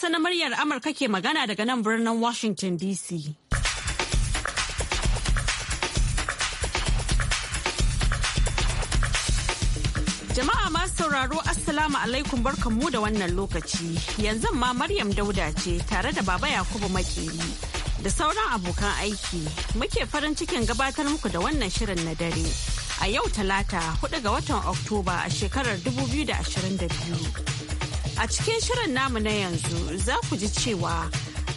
Hausa na muryar Amurka ke magana daga nan birnin Washington DC. Jama'a masu sauraro Assalamu alaikum barkanmu da wannan lokaci. Yanzu ma Maryam Dauda ce tare da Baba Yakubu Makeri da sauran abokan aiki. Muke farin cikin gabatar muku da wannan shirin na dare. A yau talata 4 ga watan Oktoba a shekarar 2022. A cikin shirin namu na yanzu za ku ji cewa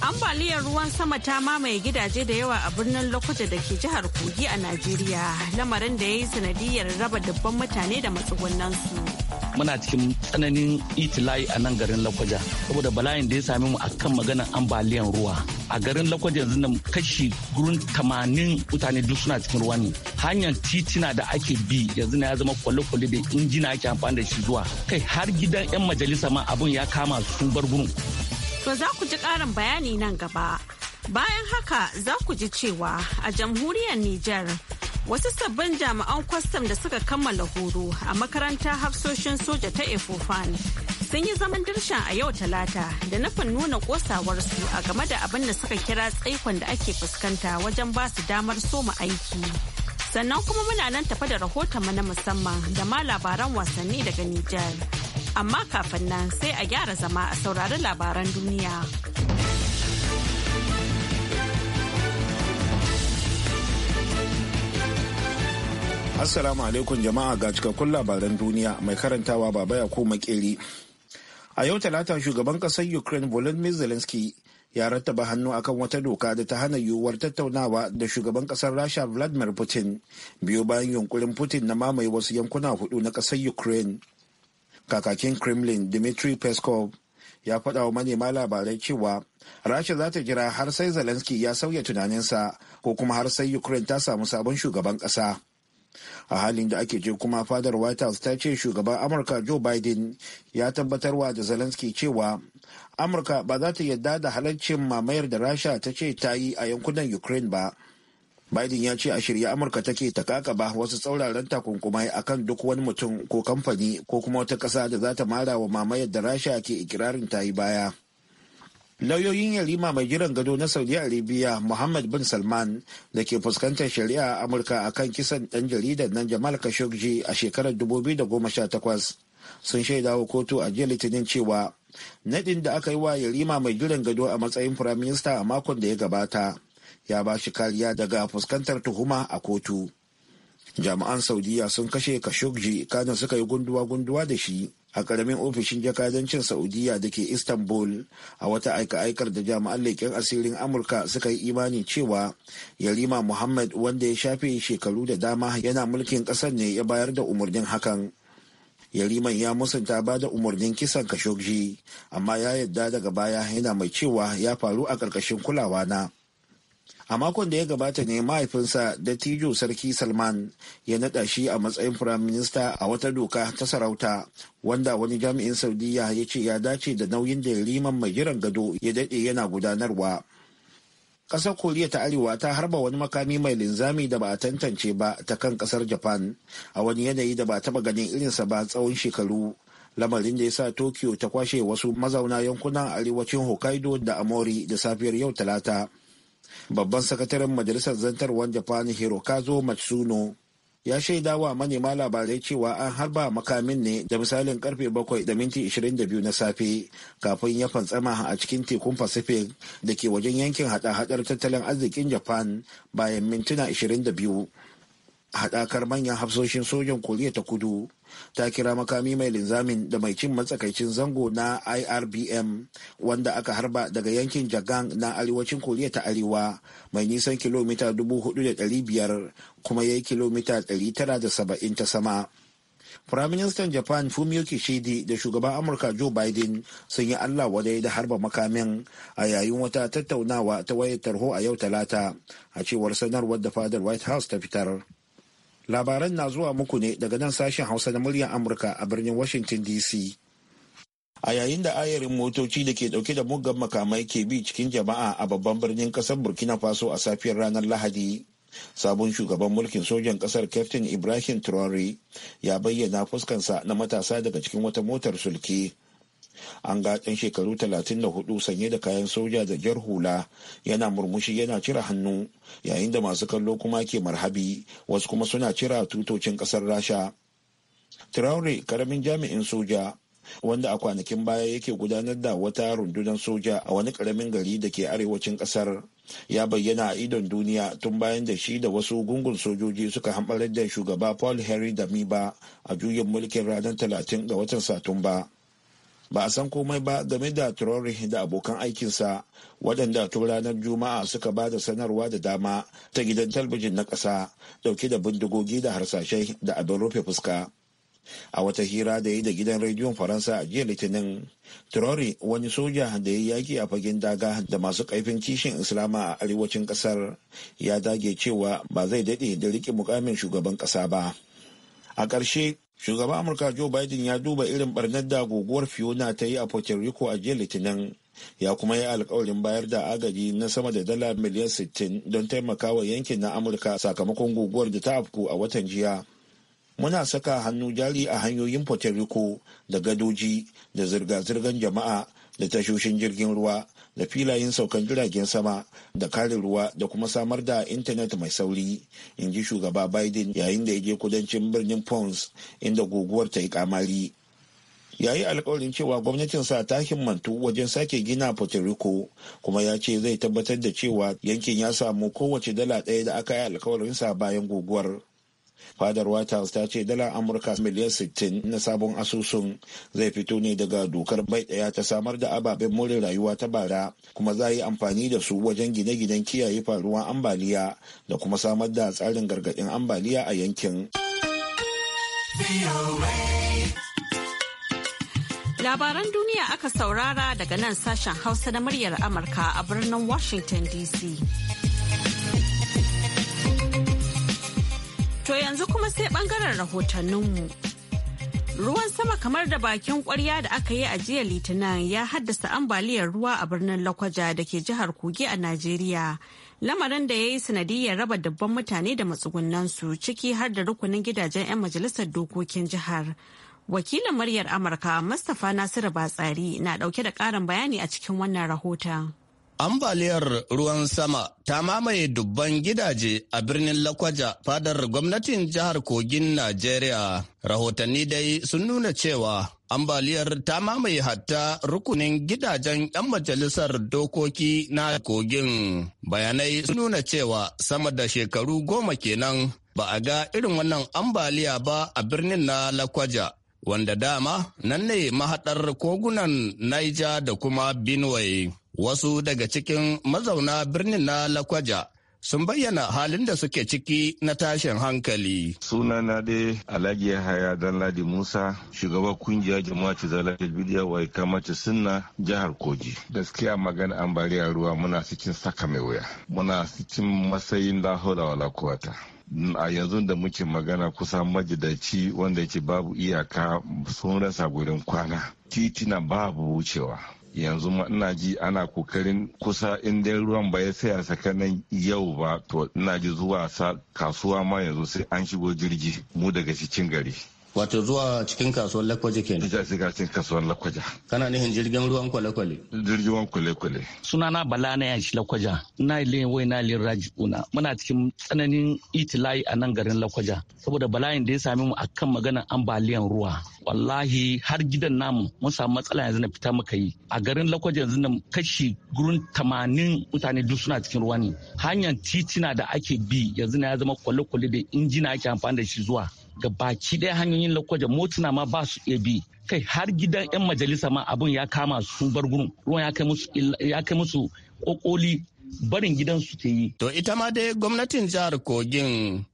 ambaliyar ruwan sama ta mamaye gidaje da yawa a birnin lokuta da ke jihar Kogi a Najeriya, lamarin da ya yi sanadiyar raba dubban mutane da matsugunansu. Muna cikin tsananin itilayi a nan garin Lokoja, saboda bala'in da ya sami mu akan maganar ambaliyar ruwa. A garin Lokoja yanzu nan kashi gurin tamanin mutane duk suna cikin ruwa ne. hanyar titina da ake bi yanzu na ya zama kwale-kwale da injina ake amfani da shi zuwa kai har gidan 'yan majalisa ma abin ya kama sun bar gurin. To za ku ji ƙarin bayani nan gaba. Bayan haka za ku ji cewa a jamhuriyar Nijar wasu sabbin jami'an kwastam da suka kammala horo a makarantar hafsoshin soja ta Efofan sun yi zaman dirshan a yau talata da nufin nuna kosawarsu a game da abin da suka kira tsaikon da ake fuskanta wajen ba su damar soma aiki. Sannan kuma muna nan tafa da rahotonmu na musamman da ma labaran wasanni daga Nijar. Amma kafin nan sai a gyara zama a saurari labaran duniya. Assalamu alaikum jama'a ga cikakkun labaran duniya mai karantawa baba ya ko makeri. A yau talata shugaban ƙasar Ukraine Volodymyr Zelensky ya rattaba hannu akan wata doka da ta hana yiwuwar tattaunawa da shugaban kasar rasha vladimir putin biyu bayan yunkurin putin na mamaye wasu yankuna hudu na kasar ukraine kakakin kremlin dmitry peskov ya faɗa wa manema labarai cewa rasha za ta jira har sai zelensky ya sauya tunaninsa ko kuma har sai ukraine ta samu sabon shugaban ƙasa a halin da ake je kuma fadar white house ta ce shugaban amurka joe biden ya tabbatarwa da zelensky cewa amurka ba za ta yadda da halaccin mamayar da rasha ta ce ta yi a yankunan ukraine ba biden ya ce a shirye amurka take ta kakaba wasu tsauraran takunkumai kan duk wani mutum ko kamfani ko kuma wata ƙasa da za ta mara wa mamayar da rasha ke ikirarin ta yi baya lauyoyin yarima mai jiran gado na saudi arabia muhammad bin salman da ke fuskantar shari'a a amurka a kan kisan dan jaridar nan jamal khashoggi a shekarar 2018 sun shaida wa kotu a jiya litinin cewa nadin da aka yi wa yarima mai jiran gado a matsayin firaminista a makon da ya gabata ya ba shi kariya daga fuskantar tuhuma a kotu jami'an saudiya sun kashe khashoggi kano suka yi gunduwa-gunduwa da shi a karamin ofishin jakadancin saudiya da ke istanbul a wata aika-aikar da jami'an leƙen asirin amurka suka yi imani cewa yarima muhammad wanda ya shafe shekaru da dama yana mulkin ƙasar ne ya bayar da umarnin hakan yariman ya musanta ba da umarnin kisan kashogji amma ya yadda daga baya yana mai cewa ya faru a ƙarƙashin kulawa na a makon da ya gabata ne mahaifinsa da tijo sarki salman ya naɗa shi a matsayin firaminista a wata doka ta sarauta wanda wani jami'in saudiya ya ce ya dace da nauyin da liman mai jiran gado ya dade yana gudanarwa ƙasar koriya ta arewa ta harba wani makami mai linzami da ba a tantance ba ta kan ƙasar japan a wani yanayi da ba taba ganin irinsa ba tsawon shekaru lamarin da ya sa tokyo ta kwashe wasu mazauna yankunan arewacin hokkaido da amori da safiyar yau talata babban sakataren majalisar zantarwar japan hirokazo matsuno ya shaida wa manema labarai cewa an harba makamin ne da misalin karfe 7 da minti 22 na safe kafin ya fantsama a cikin tekun pacific da ke wajen yankin hada-hadar tattalin arzikin japan bayan mintuna 22 haɗakar manyan hafsoshin sojan koriya ta kudu ta kira makami mai linzamin da mai cin matsakaicin zango na irbm wanda aka harba daga yankin jagang na arewacin koriya ta arewa mai nisan kilomita 4,500 kuma ya yi kilomita 970 ta sama Firaministan Japan Fumio Kishidi da shugaban Amurka Joe Biden sun yi Allah wadai da harba makamin a yayin wata tattaunawa ta wayar tarho a yau talata a cewar sanarwar da fadar White House ta fitar. labaran na zuwa muku ne daga nan sashen hausa na muryar amurka a birnin washington dc a yayin da ayarin motoci da ke dauke da muggan makamai ke bi cikin jama'a a babban birnin kasar burkina faso a safiyar ranar lahadi sabon shugaban mulkin sojan kasar captain ibrahim traore ya bayyana fuskansa na matasa daga cikin wata motar sulki an ga ɗan shekaru 34 sanye da kayan soja da jar hula yana murmushi yana cire hannu yayin da masu kallo kuma ke marhabi wasu kuma suna cira tutocin ƙasar rasha traore karamin jami'in soja wanda a kwanakin baya yake gudanar da wata rundunar soja a wani karamin gari da ke arewacin kasar ya bayyana a idon duniya tun bayan da shi da wasu gungun sojoji suka hambarar da shugaba paul henry damiba a juyin mulkin ranar 30 ga watan satumba ba a san komai ba game da Traore da abokan aikinsa waɗanda tun ranar Juma'a suka ba da sanarwa da dama ta gidan talbijin na ƙasa ɗauke da bindigogi da harsashai da abin rufe fuska. A wata hira da yi da gidan rediyon Faransa a jiya Litinin, Traore wani soja da ya yaki a fagen daga da masu kaifin kishin Islama a arewacin ƙasar ya dage cewa ba zai daɗe da riƙe mukamin shugaban ƙasa ba. A ƙarshe, shugaban amurka joe biden ya duba irin barnar da guguwar fiona ta yi a puerto rico a jiya litinin ya kuma yi alkawarin bayar da agaji na sama da dala miliyan 60 don taimakawa yankin na amurka sakamakon guguwar da ta afku a watan jiya muna saka hannu jari a hanyoyin puerto rico da gadoji da zirga-zirgar jama'a da tashoshin jirgin ruwa da filayen saukan jiragen sama da kare ruwa da kuma samar da intanet mai sauri in ji shugaba biden yayin da ya je kudancin birnin pons inda guguwar ta yi kamari ya yi alkawarin cewa sa ta himmantu wajen sake gina puerto rico kuma ya ce zai tabbatar da cewa yankin ya samu kowace dala ɗaya da aka yi alkawarinsa bayan guguwar fadar white ta ce dala amurka miliyan 60 na sabon asusun zai fito ne daga dokar bai daya ta samar da ababen more rayuwa ta bara kuma za a yi amfani da su wajen gine-ginen kiyaye faruwan ambaliya da kuma samar da tsarin gargadin ambaliya a yankin labaran duniya aka saurara daga nan sashen hausa na muryar amurka a birnin washington dc To yanzu kuma sai bangaren rahotanninmu. Ruwan sama kamar da bakin ƙwarya da aka yi a jiya Litinin ya haddasa ambaliyar ruwa a birnin Lakwaja da ke jihar Kogi a Najeriya. Lamarin da ya yi sanadiyar raba dabban mutane da matsugunansu ciki har da rukunin gidajen 'yan majalisar dokokin jihar. Wakilin muryar Amurka Mustapha Nasiru Batsari na ɗauke da ƙarin bayani a cikin wannan rahoton. Ambaliyar ruwan sama ta mamaye dubban gidaje a birnin Lakwaja fadar gwamnatin jihar Kogin Najeriya. Rahotanni dai sun nuna cewa ambaliyar ta mamaye hatta rukunin gidajen 'yan majalisar dokoki na kogin. Bayanai sun nuna cewa sama da shekaru goma kenan ba a ga irin wannan ambaliya ba a birnin na Lakwaja. Wanda dama nan ne mahaɗar kogunan Niger da kuma Benue. Wasu daga cikin mazauna birnin na Lakwaja sun bayyana halin da suke ciki na tashin hankali. Sunana dai Alhaji Yahaya Danladi Musa, shugaban kungiyar jama'a ci zala bidiya wai kamata sunna jihar Kogi. Gaskiya magana ambaliyar ruwa muna cikin saka mai wuya. Muna cikin matsayin lahola wala kuwata. a yanzu da muke magana kusa majidaci wanda yake babu iyaka sun rasa gurin kwana titina babu wucewa yanzu ma ina ji ana kokarin kusa inda ruwan ba ya tsaya sakanan yau ba to ina ji zuwa kasuwa ma yanzu sai an shigo jirgi mu daga cikin gari Wato zuwa cikin kasuwar Lakwaje kenan. Ija shiga cikin kasuwar Lakwaja. Kana nihin jirgin ruwan kwale-kwale. Jirgin ruwan kwale-kwale. Suna na Bala na yashi Lakwaja. Na ile wai na ile Rajibuna. Muna cikin tsananin itilayi a nan garin Lakwaja. Saboda bala'in da ya same mu akan maganar ambaliyan ruwa. Wallahi har gidan namu mun samu matsala yanzu na fita muka yi. A garin Lakwaja yanzu nan kashi gurin tamanin mutane duk suna cikin ruwa ne. Hanyar titina da ake bi yanzu na ya zama kwale-kwale da injina ake amfani da shi zuwa. ga baki ɗaya hanyoyin lakwaja motuna ma ba su iya bi kai har gidan 'yan majalisa ma abin ya kama su bar gurin ruwan ya kai musu ƙoƙoli barin gidan su ke yi. To ita ma dai gwamnatin jihar Kogin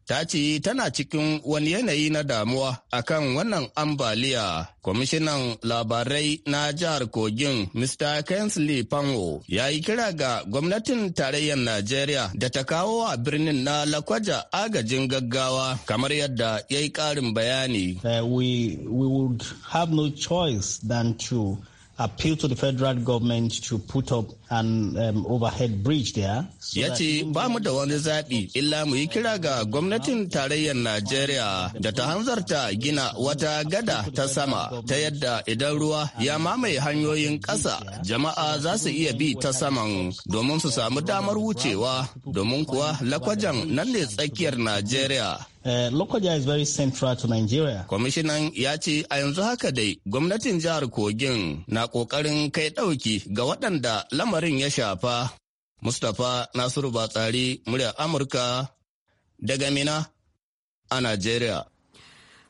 ta ce tana cikin wani yanayi na damuwa akan wannan ambaliya. Kwamishinan labarai na jihar Kogin Mr. Kensley pango ya yi kira ga gwamnatin tarayyar Najeriya da ta kawo a birnin na Lakwaja agajin gaggawa kamar yadda ya yi ƙarin bayani. Uh, we, we would have no choice than to appeal to the federal government to put up an um, overhead bridge ba mu da wani zaɓi illa mu yi kira ga gwamnatin tarayyar Najeriya da ta hanzarta gina wata gada ta sama ta yadda idan ruwa ya mamaye hanyoyin ƙasa jama'a za su iya bi ta saman domin su samu damar wucewa domin kuwa lakwajan nan ne tsakiyar Najeriya. Uh, eh, Lokoja is very central to Nigeria. Kwamishinan ya ce a yanzu haka dai gwamnatin jihar Kogin na ƙoƙarin kai ɗauki ga waɗanda lamarin ya shafa. Mustapha Nasiru Batsari, murya Amurka daga Mina a Najeriya.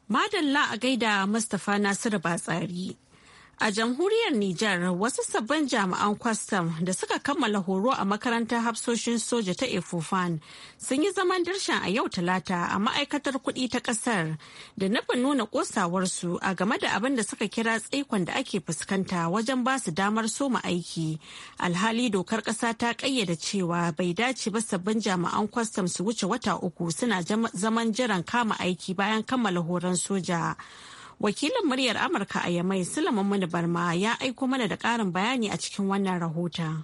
Madalla a gaida Mustapha Nasiru Batsari. A jamhuriyar Nijar wasu sabbin jami'an kwastam da suka kammala horo a makarantar hafsoshin soja ta Efufan sun yi zaman dirshan a yau talata a ma'aikatar kuɗi ta ƙasar da nufin nuna ƙosawarsu a game da abin da suka kira tsaikon da ake fuskanta wajen ba su damar soma aiki. Alhali dokar ƙasa ta ƙayyada cewa bai dace ba sabbin jami'an kwastam su wuce wata uku suna zaman jiran kama aiki bayan kammala horon soja. Wakilin muryar Amurka a Yamai Sulaiman Mani Barma ya aiko mana da karin bayani a cikin wannan rahota.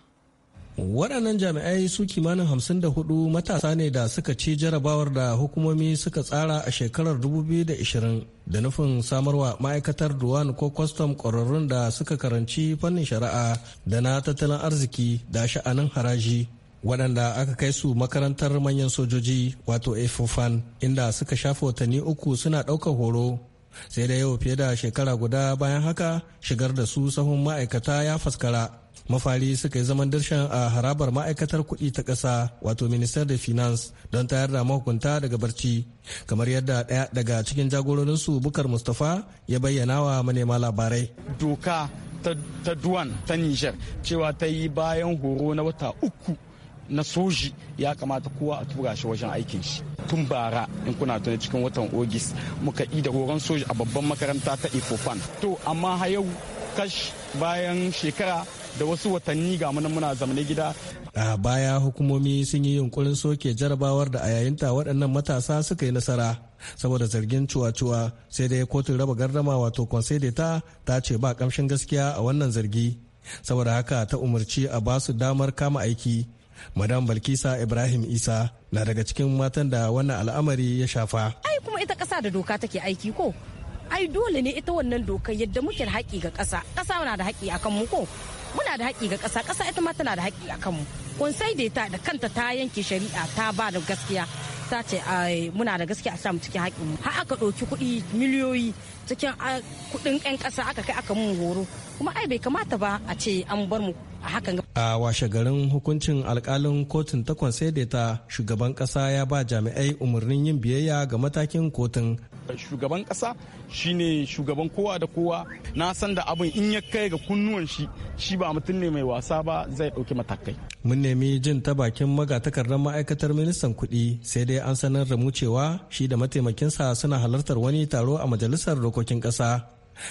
waɗannan jami'ai su kimanin hamsin da hudu matasa ne da suka ci jarabawar da hukumomi suka tsara a shekarar 2020 da nufin samarwa ma'aikatar duwan ko kwastam ƙwararrun da suka karanci fannin shari'a da na tattalin arziki da sha'anin haraji waɗanda aka kai su makarantar manyan sojoji wato afofan inda suka shafa watanni uku suna ɗaukar horo sai da yau fiye da shekara guda bayan haka shigar da su sahun ma'aikata ya faskara mafari suka yi zaman dirshan a harabar ma'aikatar kuɗi ta ƙasa wato minister da finance don tayar da mahukunta daga barci kamar yadda ɗaya daga cikin jagororinsu bukar mustapha ya bayyana wa manema labarai doka ta duwan ta niger cewa ta yi bayan horo na wata uku na soji ya kamata kowa a tura shi wajen aikin shi tun bara in kuna tuna cikin watan ogis muka da horon soji a babban makaranta ta ifofan to amma ha yau kash bayan shekara da wasu watanni ga munan muna zamanin gida a baya hukumomi sun yi yunkurin soke jarabawar da a yayinta waɗannan matasa suka yi nasara saboda zargin cuwa-cuwa sai dai kotun raba gardama wato ta ta ce ba kamshin gaskiya a wannan zargi saboda haka ta umarci a basu damar kama aiki madam balkisa ibrahim isa na daga cikin matan da wannan al'amari ya shafa ai kuma ita kasa da doka take aiki ko ai dole ne ita wannan doka yadda muke da haƙi ga ƙasa ƙasa na da haƙi akan mu ko muna da haƙi ga kasa kasa ita ma tana da haƙi akan mu sai da ta da kanta ta yanke shari'a ta ba da gaskiya ta ce muna da gaskiya a samu cikin haƙin mu har aka ɗauki kuɗi miliyoyi cikin kudin 'yan ƙasa aka kai aka mun horo kuma ai bai kamata ba a ce an bar mu a hakan a washe garin hukuncin alkalin kotun takwan ta shugaban kasa ya ba jami'ai umarnin yin biyayya ga matakin kotun shugaban kasa shine shugaban kowa da kowa na san da abin in ya kai ga kunnuwan shi shi ba mutum ne mai wasa ba zai dauki matakai mun nemi jin ta bakin magatakardar ma'aikatar ministan kuɗi sai dai an sanar da mu cewa shi da mataimakinsa suna halartar wani taro a majalisar dokokin ƙasa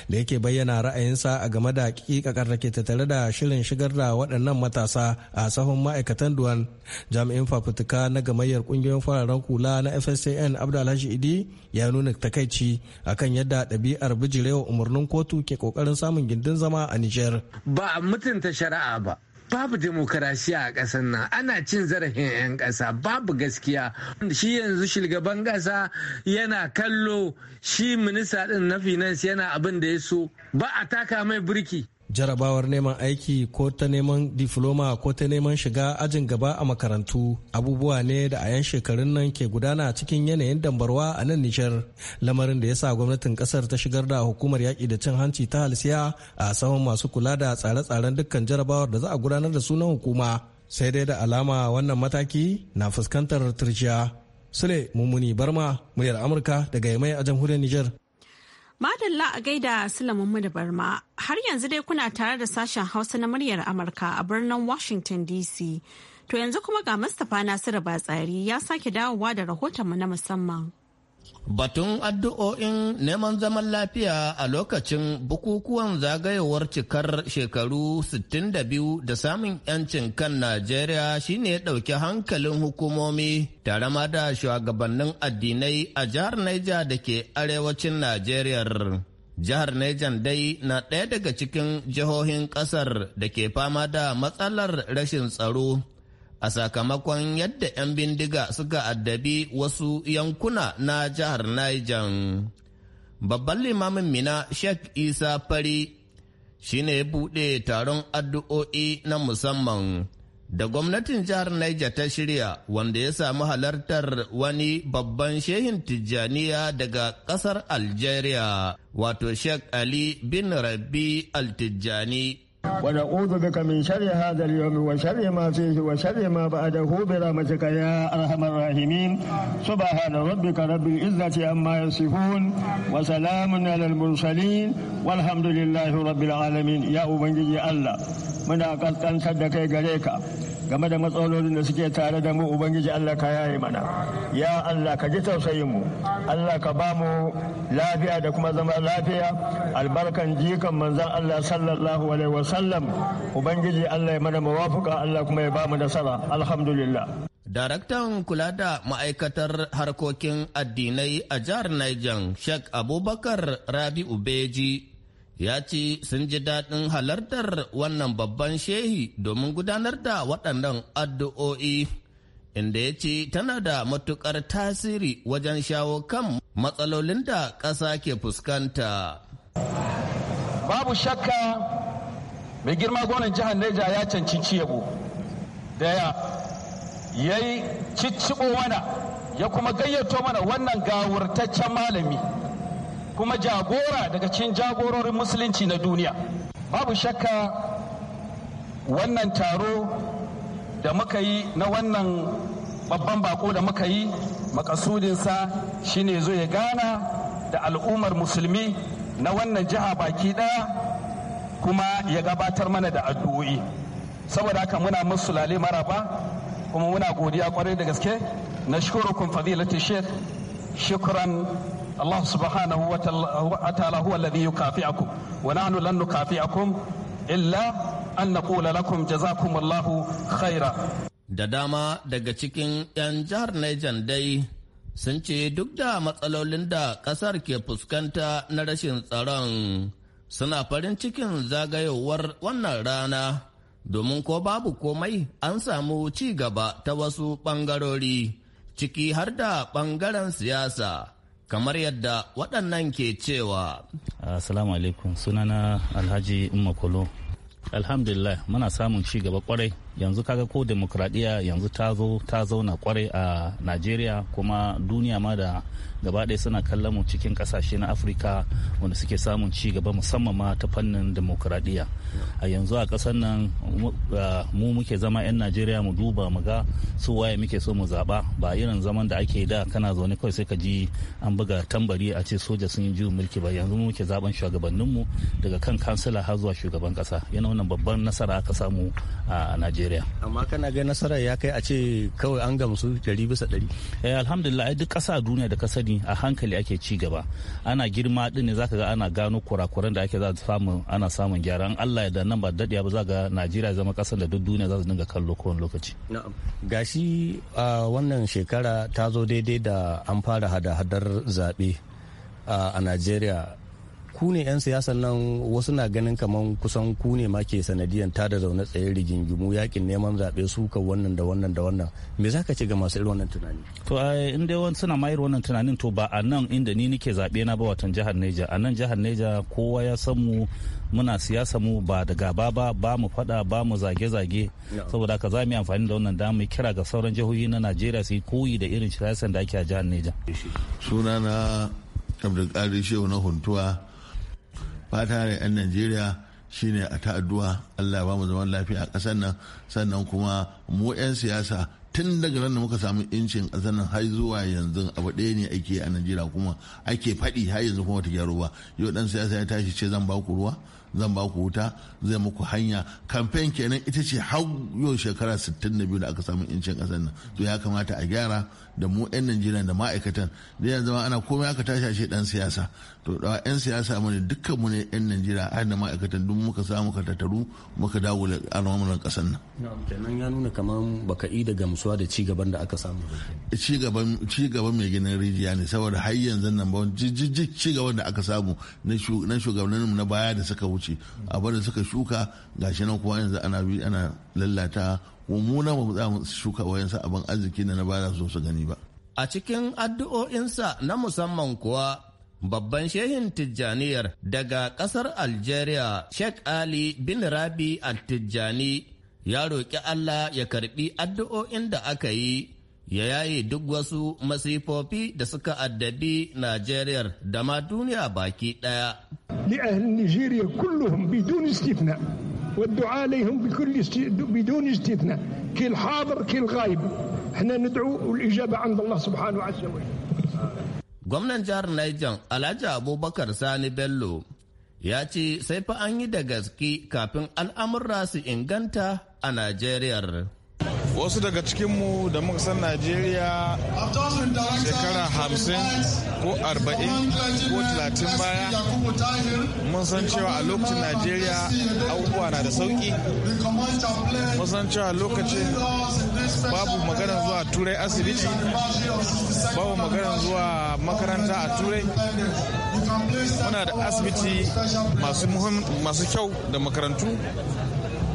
da yake bayyana ra'ayinsa a game da kikakar da ke tattare da shirin shigar da waɗannan matasa a sahun ma'aikatan duwan jami'in fafutuka na gamayyar ƙungiyoyin fararen kula na fscn abdulhashi idi ya nuna takaici akan yadda ɗabi'ar bijirewa umarnin kotu ke ƙoƙarin samun gindin zama a niger ba mutunta shari'a ba babu demokarasiya a ƙasar nan ana cin zarafin 'yan ƙasa babu gaskiya shi yanzu shugaban ƙasa yana kallo shi minista ɗin na finance yana abin da ya so ba a taka mai birki. jarabawar neman aiki ko ta neman difloma ko ta neman shiga ajin gaba a makarantu abubuwa ne da a yan shekarun nan ke gudana cikin yanayin dambarwa a nan nijar lamarin da ya sa gwamnatin kasar ta shigar da hukumar yaƙi da cin hanci ta halsiya a sahun masu kula da tsare-tsaren dukkan jarabawar da za a gudanar da sunan hukuma sai dai da alama wannan mataki na fuskantar turjiya sule mummuni barma muryar amurka daga yamai a jamhuriyar nijar Madalla a gaida Sula da Barma har yanzu dai kuna tare da sashen Hausa na muryar Amurka a birnin Washington DC. To yanzu kuma ga Mustapha Nasiru Batsari ya sake dawowa da rahotonmu na musamman. Batun addu'o'in neman zaman lafiya a lokacin bukukuwan zagayowar cikar shekaru 62 da samun 'yancin kan Najeriya shine ɗauki hankalin hukumomi tare ma da shugabannin addinai a jihar Naija da ke arewacin Najeriya. Jihar Niger dai na ɗaya daga cikin jihohin ƙasar da ke fama da matsalar rashin tsaro a sakamakon yadda 'yan bindiga suka addabi wasu yankuna na jihar Niger. Babban limamin Mina Sheikh Isa Fari shi ne ya buɗe taron addu'o'i na musamman da gwamnatin jihar Niger ta shirya wanda ya samu halartar wani babban shehin Tijjaniya daga ƙasar Algeria wato Sheikh Ali bin Rabi Al-Tijjani. ونعوذ بك من شر هذا اليوم وشر ما فيه وشر ما بعده برحمتك يا ارحم الراحمين سبحان ربك رب العزه عما يصفون وسلام على المرسلين والحمد لله رب العالمين يا أبنجي الله من أقل da kai game da matsalolin da suke tare da mu ubangiji Allah ka yaye mana ya Allah ka ji tausayin mu Allah ka ba mu lafiya da kuma zama lafiya albarkan jikan manzon Allah sallallahu alaihi wa sallam ubangiji Allah ya mana mawafuka Allah kuma ya ba mu nasara alhamdulillah Daraktan kula da ma'aikatar harkokin addinai a jihar Niger, Sheikh Abubakar rabi ubeji. ya ce sun ji daɗin halartar wannan babban shehi domin gudanar da waɗannan addu'o'i inda ya ce tana da matuƙar tasiri wajen shawo kan matsalolin da ƙasa ke fuskanta. Babu shakka mai girma gwamnan jihar Neja ya cancanci yabo da ya yi ciccibo mana ya kuma gayyato mana wannan gawurtaccen malami. kuma jagora daga cikin jagororin musulunci na duniya babu shakka wannan taro da muka yi na wannan babban bako da muka yi makasudinsa shine zo ya gana da al'ummar musulmi na wannan jiha baki ɗaya kuma ya gabatar mana da addu'o'i saboda haka muna musulale maraba kuma muna godiya kwarai da gaske na shukurukun fadilatu sheikh shukran الله سبحانه وتعالى هو الذي يكافئكم ونحن لن نكافئكم إلا أن نقول لكم جزاكم الله خيرا da dama daga cikin 'yan jihar Niger dai sun ce duk da matsalolin da ƙasar ke fuskanta na rashin tsaron suna farin cikin zagayowar wannan rana domin ko babu komai an samu ci gaba ta wasu ɓangarori ciki har da ɓangaren siyasa. kamar yadda waɗannan ke cewa. Assalamu alaikum sunana Alhaji Umma Kolo. Alhamdulillah muna samun ci gaba kwarai yanzu kaga ko demokradiyya yanzu ta zo ta zauna kwarai a najeriya kuma duniya ma da gaba ɗaya suna kallon mu cikin ƙasashe na afirka wanda suke samun ci gaba musamman ma ta fannin demokradiyya a yanzu a ƙasar nan mu muke zama 'yan najeriya mu duba mu ga su waye muke so mu zaɓa ba irin zaman da ake da kana zaune kawai sai ka ji an buga tambari a ce soja sun yi juyin mulki ba yanzu mu muke zaɓen shugabanninmu daga kan kansila har zuwa shugaban ƙasa yana wannan babban nasara aka samu a najeriya Najeriya. Amma kana ga nasarar ya kai a ce kawai an gamsu ɗari bisa ɗari. Eh alhamdulillah duk ƙasa duniya da ka sani a hankali ake ci gaba. Ana girma din ne zaka ga ana gano kurakuran da ake za samu ana samun gyara. An Allah da nan ba daɗiya ba za ga Najeriya zama ƙasar da duk duniya za su dinga kallo kowane lokaci. Na'am. Gashi wannan shekara ta zo daidai da an fara hada-hadar zaɓe a Najeriya ku ne 'yan siyasan nan wasu na ganin kamar kusan ku ne ma ke sanadiyan ta da zaune tsaye rigingimu yakin neman zaɓe suka wannan da wannan da wannan me za ka ce ga masu irin wannan tunani to in dai wani suna mayar wannan tunanin to ba a nan inda ni nike zaɓe na ba watan jihar neja a nan jihar neja kowa ya san mu muna siyasa mu ba da gaba ba ba mu fada ba mu zage-zage saboda haka za mu yi amfani da wannan damar kira ga sauran jihohi na najeriya su yi koyi da irin siyasan da ake a jihar neja sunana abdulkadir shehu na huntuwa fata da 'yan najeriya shine a ta'addu'a allah ya bamu zaman lafiya a ƙasar nan sannan kuma mu 'yan siyasa tun daga nan da muka samu incin ƙasar nan har zuwa yanzu abu ɗaya ne ake a najeriya kuma ake faɗi har yanzu kuma wata gyaro ba yau ɗan siyasa ya tashi ce zan ba ku ruwa zan ba ku wuta zai muku hanya kamfen kenan ita ce har yau shekara 62 da aka samu incin kasar nan to ya kamata a gyara da mu 'yan najeriya da ma'aikatan da yanzu ana komai aka tashi a ce dan siyasa to da 'yan siyasa mu ne dukkan mu ne 'yan najeriya a da ma'aikatan duk muka samu ka tattaru muka dawo da al'amuran kasar nan kenan ya nuna kamar baka yi da gamsuwa da cigaban da aka samu cigaban cigaban mai ginin rijiya ne saboda har yanzu nan ba ci cigaban da aka samu na shugabannin mu na baya da suka wuce abada da suka shuka gashi nan kuma yanzu ana bi ana lallata mu na ba za mu shuka wayansu abin arziki da na baya su su gani ba a cikin addu'o'insa na musamman kuwa babban shehin tijjaniyar daga ƙasar algeria sheikh ali bin rabi al-tijjani ya roƙi allah ya karɓi addu'o'in da aka yi ya yaye duk wasu masifofi da suka addabi najeriya da ma duniya baki ɗaya لأهل نيجيريا كلهم بدون استثناء والدعاء لهم بكل است... بدون استثناء كل حاضر كل غايب احنا ندعو والإجابة عند الله سبحانه عز وجل Gwamnan jihar Niger Alhaji Abubakar Sani Bello ya ce sai fa an yi da gaske kafin al'amura su inganta a Najeriya. wasu daga cikinmu da muka san najeriya shekara hamsin ko arba'in ko talatin baya mun san cewa a lokacin najeriya abubuwa na da sauki mun san cewa lokacin babu magana zuwa turai asibiti babu magana zuwa makaranta a turai muna da asibiti masu kyau da makarantu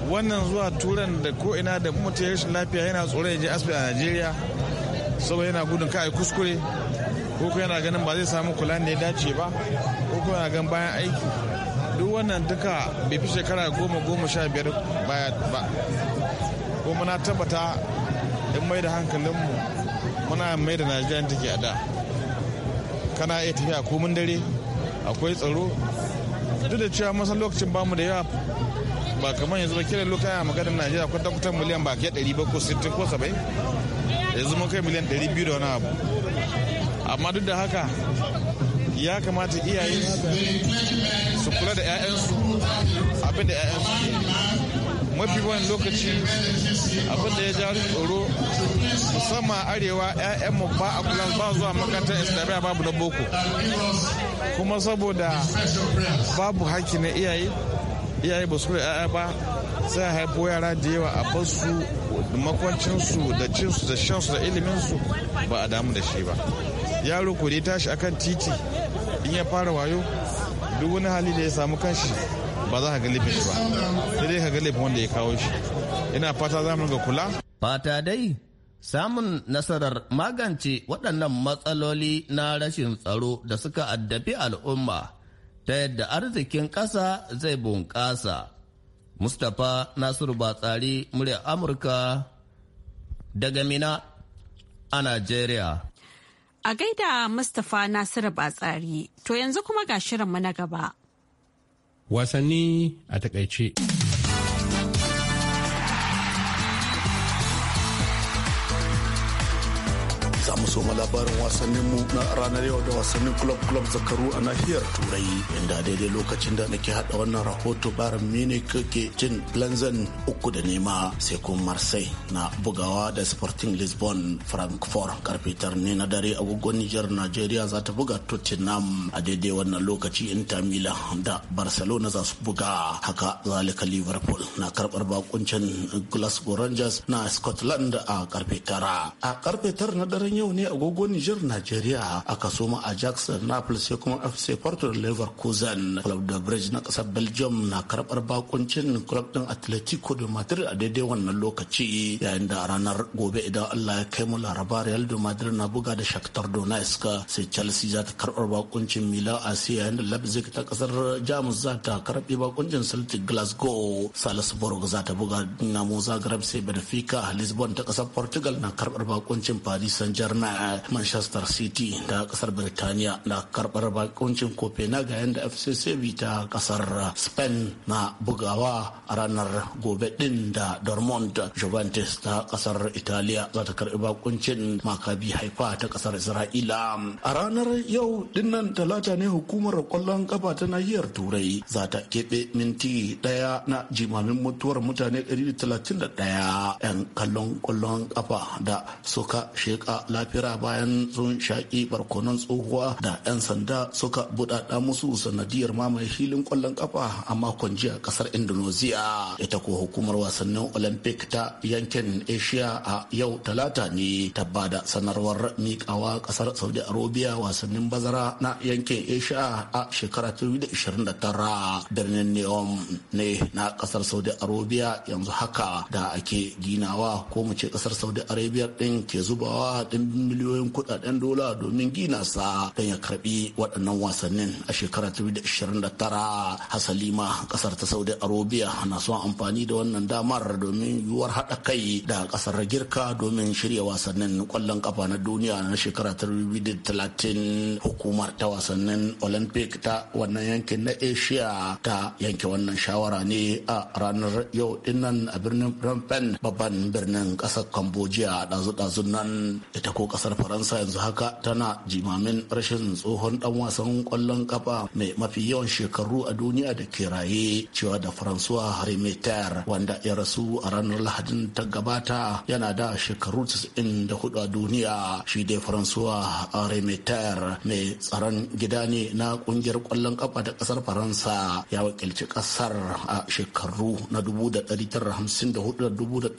wannan zuwa turan da ko ina da mutum ya rashin lafiya yana tsoron ya je asibiti a najeriya saboda yana gudun kai kuskure ko kuma yana ganin ba zai samu kula ne dace ba ko kuma yana ganin bayan aiki duk wannan duka bai fi shekara goma goma sha biyar baya ba kuma na tabbata in mai da hankalinmu muna mai da najeriya take a da kana iya tafiya komin dare akwai tsaro duk da cewa masan lokacin bamu da yawa ba kamar yanzu ba kira loka a maganar najeriya kwata kwata miliyan ba ke 700 ko 60 ko 70 yanzu mun kai miliyan 200 da wani abu amma duk da haka ya kamata iyaye su kula da 'ya'yansu abinda 'ya'yansu mafi wani lokaci abinda ya ja tsoro musamman arewa 'ya'yanmu ba a kula ba zuwa makarantar islamiyya babu na boko kuma saboda babu haƙƙi na iyaye iyaye ba su ya'ya ba sai a haifo yara da yawa a ba su makwancinsu da cinsu da shansu da iliminsu ba a damu da shi ba yaro ko dai tashi akan titi in ya fara wayo duk wani hali da ya samu kanshi ba za ka ga laifin shi ba sai dai ka ga laifin wanda ya kawo shi ina fata za mu ga kula fata dai samun nasarar magance waɗannan matsaloli na rashin tsaro da suka addabi al'umma ta yadda arzikin ƙasa zai bunƙasa. Mustapha Nasiru Batsari murya Amurka daga Mina a Najeriya. A gaida Mustapha Nasiru Batsari, to yanzu kuma ga shirinmu na gaba. Wasanni a takaice. soma labarin wasannin mu na ranar yau da wasannin club club zakaru a nahiyar turai inda daidai lokacin da nake hada wannan rahoto barin munich ke jin lanzan uku da nema sai kuma marseille na bugawa da sporting lisbon frankfurt karfe tara ne na dare agogon nijar nigeria za ta buga tottenham a daidai wannan lokaci inter milan da barcelona za su buga haka zalika liverpool na karbar bakuncin glasgow rangers na scotland a karfe tara a karfe tara na daren yau ne agogon Niger Nigeria a kaso a Jackson Naples sai kuma FC Porto Leverkusen Club da Bridge na kasar Belgium na karbar bakuncin club din Atletico de Madrid a daidai wannan lokaci yayin da ranar gobe idan Allah ya kai mu Laraba Real de Madrid na buga da Shakhtar Donetsk sai Chelsea za ta karbar bakuncin Milan AC yayin da Leipzig ta kasar Jamus za ta karbi bakuncin Celtic Glasgow Salzburg za ta buga Dinamo Zagreb sai Benfica Lisbon ta kasar Portugal na karbar bakuncin Paris Saint-Germain na manchester city ta kasar birtaniya na karbar bakuncin copenhagen da Sevilla ta kasar spain na bugawa a ranar gobe din da dortmund juventus ta kasar Italia, za ta karbi bakuncin makabi haifa ta kasar isra'ila a ranar yau dinnan talata ne hukumar kwallon kafa ta nahiyar turai za ta keɓe minti ɗaya na jimamin mutuwar mutane 131 'yan kallon kwallon kafa da suka sheka lafiya lafira bayan sun shaƙi barkonon tsohuwa da 'yan sanda suka buɗaɗa musu sanadiyar mamaye filin ƙwallon ƙafa a makon jiya ƙasar indonesia ita ko hukumar wasannin olympic ta yankin asia a yau talata ne ta bada sanarwar miƙawa ƙasar saudi arabia wasannin bazara na yankin asia a shekara 2029 birnin neom ne na ƙasar saudi arabia yanzu haka da ake ginawa ko mu ce ƙasar saudi arabia ɗin ke zubawa ɗin miliyoyin kudaden dola domin gina sa don ya karbi waɗannan wasannin a tara. 2029 hasalima kasar ta saudi arabia na son amfani da wannan damar domin yiwuwar haɗa kai da kasar girka domin shirya wasannin kwallon kafa na duniya na shekarar 2030 hukumar ta wasannin olympic ta wannan yankin na asia ta yanke wannan shawara ne a ranar yau dinnan a birnin phnom babban birnin kasar cambodia dazu-dazun nan ita ko kasar faransa yanzu haka tana jimamin rashin tsohon dan wasan kwallon kafa mai mafi yawan shekaru a duniya da ke raye cewa da faransuwa remeter wanda ya rasu a ranar lahadin ta gabata yana da shekaru 94 a duniya shi dai faransuwa remeter mai tsaron gida ne na kungiyar kwallon kafa ta kasar faransa ya wakilci kasar a shekaru na 1954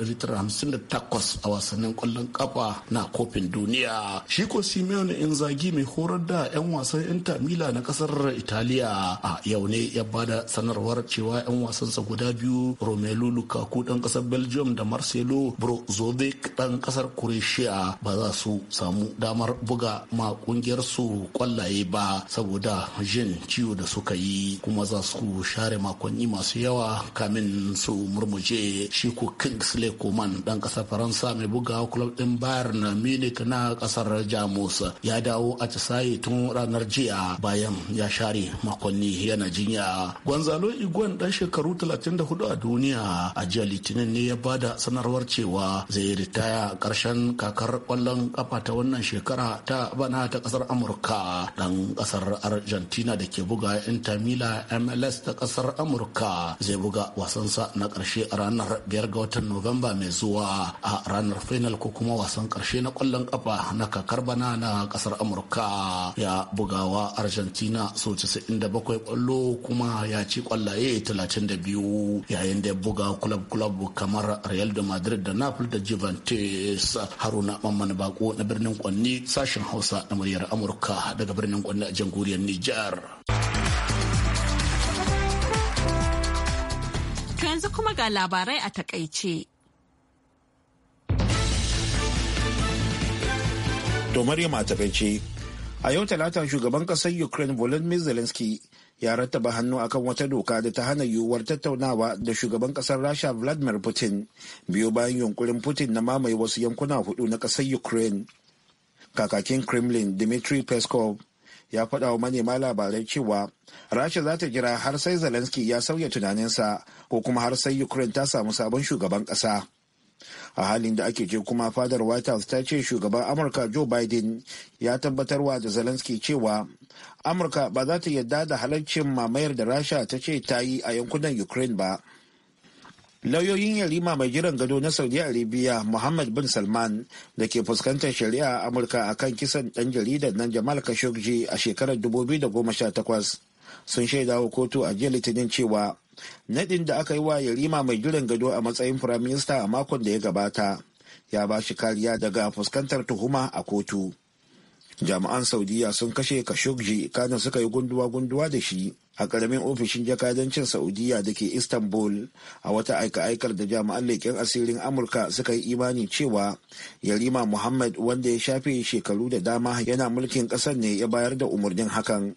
1958 a wasannin kwallon kafa na kofin duniya duniya shi ko simeone inzaghi mai horar da 'yan wasan inter mila na kasar italiya a yau ne ya bada sanarwar cewa 'yan wasansa guda biyu romelu lukaku dan kasar belgium da marcelo brozovic dan kasar croatia ba za su samu damar buga ma kungiyar su kwallaye ba saboda jin ciwo da suka yi kuma za su share makonni masu yawa kamin su murmuje shi ko kingsley coman dan kasar faransa mai buga kulob din bayern munich na na kasar jamus ya dawo a tisaye tun ranar jiya bayan ya share makonni yana jinya gwanzalo igwan dan shekaru 34 a duniya a jiya litinin ne ya bada sanarwar cewa zai ritaya karshen kakar kwallon kafa ta wannan shekara ta bana ta kasar amurka dan kasar argentina da ke buga inter mila mls ta kasar amurka zai buga wasansa na karshe ranar 5 ga watan nuwamba mai zuwa a ranar final ko kuma wasan karshe na kwallon kafa gaba na kakar bana na kasar amurka ya bugawa argentina so 97 kwallo kuma ya ci kwallaye 32 yayin da ya buga kulab-kulab kamar real de madrid da napoli da juventus haruna mamman bako na birnin kwanni sashen hausa na muryar amurka daga birnin kwanni a jamhuriyar nijar yanzu kuma ga labarai a takaice To Maryam a takaice. A yau talata shugaban kasar Ukraine Volodymyr Zelensky ya rattaba hannu akan wata doka da ta hana yiwuwar tattaunawa da shugaban kasar Rasha Vladimir Putin biyo bayan yunkurin Putin na mamaye wasu yankuna hudu na kasar Ukraine. Kakakin Kremlin Dmitry Peskov ya faɗa wa manema labarai cewa Rasha za ta jira har sai Zelensky ya sauya tunaninsa ko kuma har sai Ukraine ta samu sabon shugaban ƙasa. a halin da ake je kuma fadar white house ta ce shugaban amurka joe biden ya tabbatarwa da zelensky cewa amurka ba za ta yadda da halarcin mamayar da rasha ta ce ta yi a yankunan ukraine ba lauyoyin yarima mai jiran gado na saudi arabia muhammad bin salman da ke fuskantar shari'a a amurka kan kisan dan jaridar nan jamal khashoggi a shekarar 2018 sun shaida wa kotu a jiya litinin cewa nadin da aka yi wa yarima mai jiran gado a matsayin firaminista a makon da ya gabata ya ba shi kariya daga fuskantar tuhuma a kotu jami'an saudiya sun kashe kashogji kana suka yi gunduwa-gunduwa da shi a ƙaramin ofishin jakadancin saudiya da ke istanbul a wata aika-aikar da jami'an leƙen asirin amurka suka yi imani cewa yarima muhammad wanda ya shafe shekaru da dama yana mulkin ƙasar ne ya bayar da umarnin hakan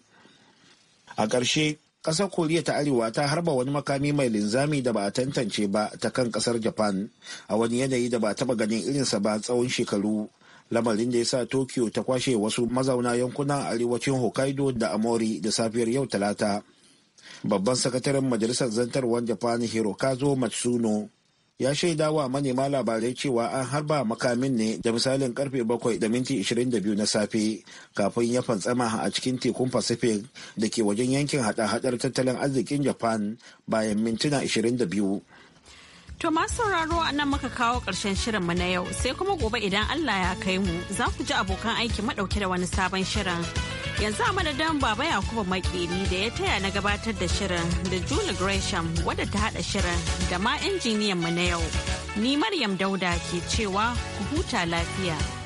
a ƙarshe kasar koriya ta arewa ta harba wani makami mai linzami da ba a tantance ba ta kan kasar japan a wani yanayi da ba a taba ganin irinsa ba tsawon shekaru lamarin da ya sa tokyo ta kwashe wasu mazauna yankunan arewacin hokkaido da amori da safiyar yau talata babban sakataren majalisar zantarwar japan hirokazo matsuno ya shaida wa manema labarai cewa an harba makamin ne da misalin karfe 7.22 na safe kafin ya fantsama a cikin tekun pacific da ke wajen yankin hada-hadar tattalin arzikin japan bayan mintuna 22 To masu sauraro a nan muka kawo ƙarshen mu na yau sai kuma gobe idan Allah ya kai mu za ku ji abokan aiki madauke da wani sabon shirin. Yanzu a madadin Baba Yakubu makini da ya taya na gabatar da shirin da Julie Gresham wadda ta hada shirin da ma injiniyan mu na yau. Ni Maryam Dauda ke cewa ku huta lafiya.